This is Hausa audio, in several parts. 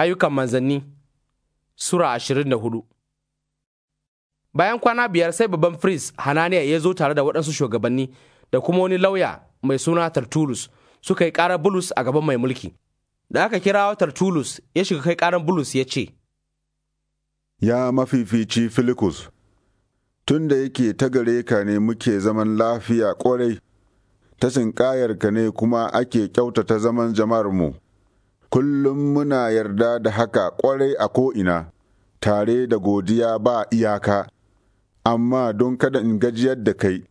Ayyukan manzanni Sura ashirin da hudu Bayan kwana biyar sai babban firist Hananiya ya zo tare da waɗansu shugabanni da kuma wani lauya mai suna Tertullus suka yi ƙarar Bulus a gaban mai mulki. Da aka kirawo Tertullus ya shiga kai ƙarar Bulus ya ce, Ya mafifici Filikus, tun da yake ta gare ka ne muke zaman lafiya ƙwarai, ta ƙayarka ne kuma ake kyautata zaman jama'armu. mu. kullum muna yarda da haka ƙwarai a ko'ina, tare da godiya ba iyaka, amma don kada in gajiyar da kai,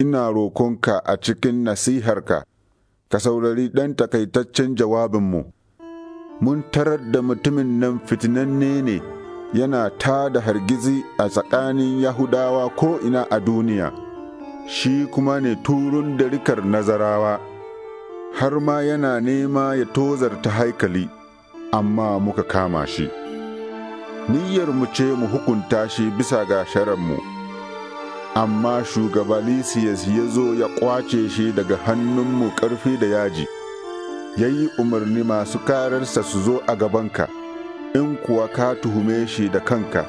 ina rokonka a cikin nasiharka, ka saurari ɗan takaitaccen jawabinmu. Mun tarar da mutumin nan fitinanne ne yana ta da hargizi a tsakanin Yahudawa ko'ina a duniya, shi kuma ne turun da rikar nazarawa. har ma yana nema ya tozarta haikali, amma muka kama shi. Niyyar mu ce mu hukunta shi bisa ga sharanmu, amma shugaba Lisiyas ya zo ya kwace shi daga hannunmu ƙarfi da yaji, ya yi umarni masu kararsa su zo a gabanka, in kuwa ka tuhume shi da kanka,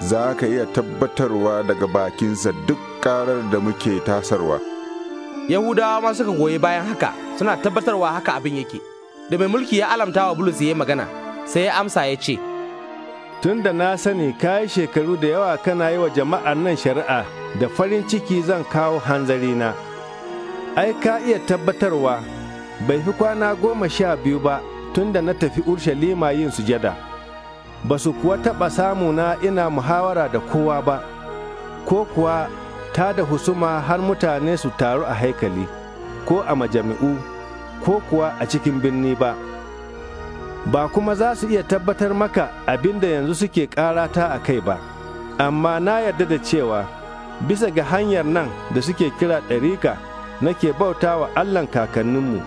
za ka iya tabbatarwa daga bakinsa duk karar da muke tasarwa. yahudawa ma suka goyi bayan haka suna tabbatarwa haka abin yake da mai mulki ya alamta wa bulus ya magana sai ya amsa ya ce tun da na sani ka yi shekaru da yawa kana yi wa jama'ar nan shari'a da farin ciki zan kawo hanzarina ai ka iya tabbatarwa bai fi kwana goma sha biyu ba tun da na tafi urshalima yin sujada ba su kuwa taɓa samuna ina muhawara da kowa ba ko kuwa ta da husuma har mutane su taru a haikali ko a majami'u ko kuwa a cikin birni ba ba kuma za su iya tabbatar maka abin da yanzu suke karata a kai ba amma na yarda da cewa bisa ga hanyar nan da suke kira ɗarika nake bauta wa allahn kakanninmu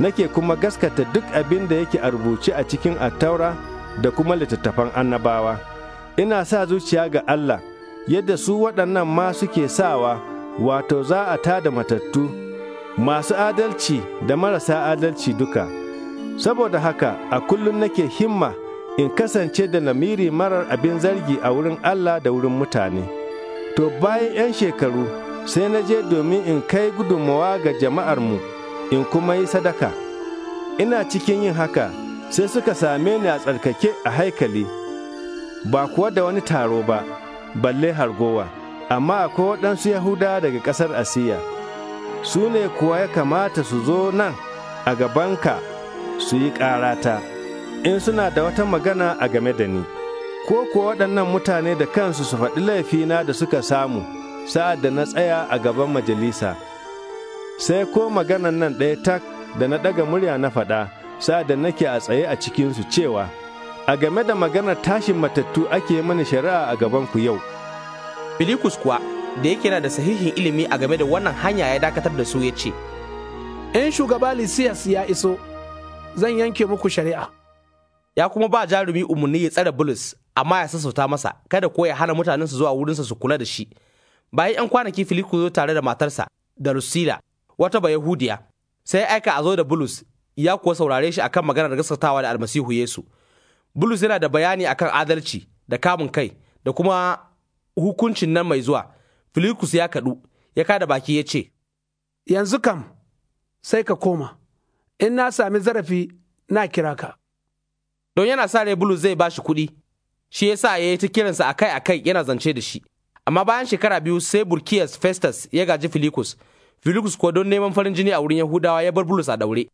nake kuma gaskata duk abin da yake a rubuce a cikin attaura da kuma littattafan annabawa ina sa zuciya ga allah yadda su waɗannan ma suke sawa wato za a da matattu masu adalci da marasa adalci duka saboda haka a kullum nake himma in kasance da lamiri marar abin zargi a wurin Allah da wurin mutane to bayan 'yan shekaru sai na je domin in kai gudunmawa ga jama'armu in kuma yi sadaka ina cikin yin haka sai suka same ni a tsarkake a haikali ba kuwa da wani taro ba balle hargowa amma akwai waɗansu yahuda daga ƙasar asiya su ne kuwa ya kamata su zo nan a gabanka su yi ƙarata in suna da wata magana a game da ni ko kuwa waɗannan mutane da kansu su faɗi laifina da suka samu sa'ad da na tsaya a gaban majalisa sai ko maganan nan ɗaya tak da na ɗaga murya na faɗa sa'ad da nake a tsaye a cikinsu cewa a game da maganar tashin matattu ake mana shari'a a gabanku yau. Filikus kuwa da yake na da sahihin ilimi a game da wannan hanya ya dakatar da su ya ce, In shugaba Lisiyas ya iso, zan yanke muku shari'a. Ya kuma ba jarumi umarni ya tsare Bulus, amma ya sassauta masa, kada ko ya hana mutanen su zuwa wurinsa su kula da shi. Bayan 'yan kwanaki Filikus zo tare da matarsa, da Lucila, wata Bayahudiya, sai aika a zo da Bulus, ya kuwa saurare shi akan maganar gaskatawa da almasihu Yesu. Bulus yana da bayani akan adalci da kamun kai da kuma hukuncin nan mai zuwa. Filikus ya kaɗu, ya kada baki ya ce, Yanzu kam sai ka koma, in na sami zarafi na kira ka. Don yana sa rai Bulus zai ba shi kuɗi, shi ya sa ya yi ta kiransa a kai yana zance da shi. Amma bayan shekara biyu sai Burkiyas Festus ya gaji Filikus, Filikus ko don neman farin jini a wurin Yahudawa ya bar Bulus a daure.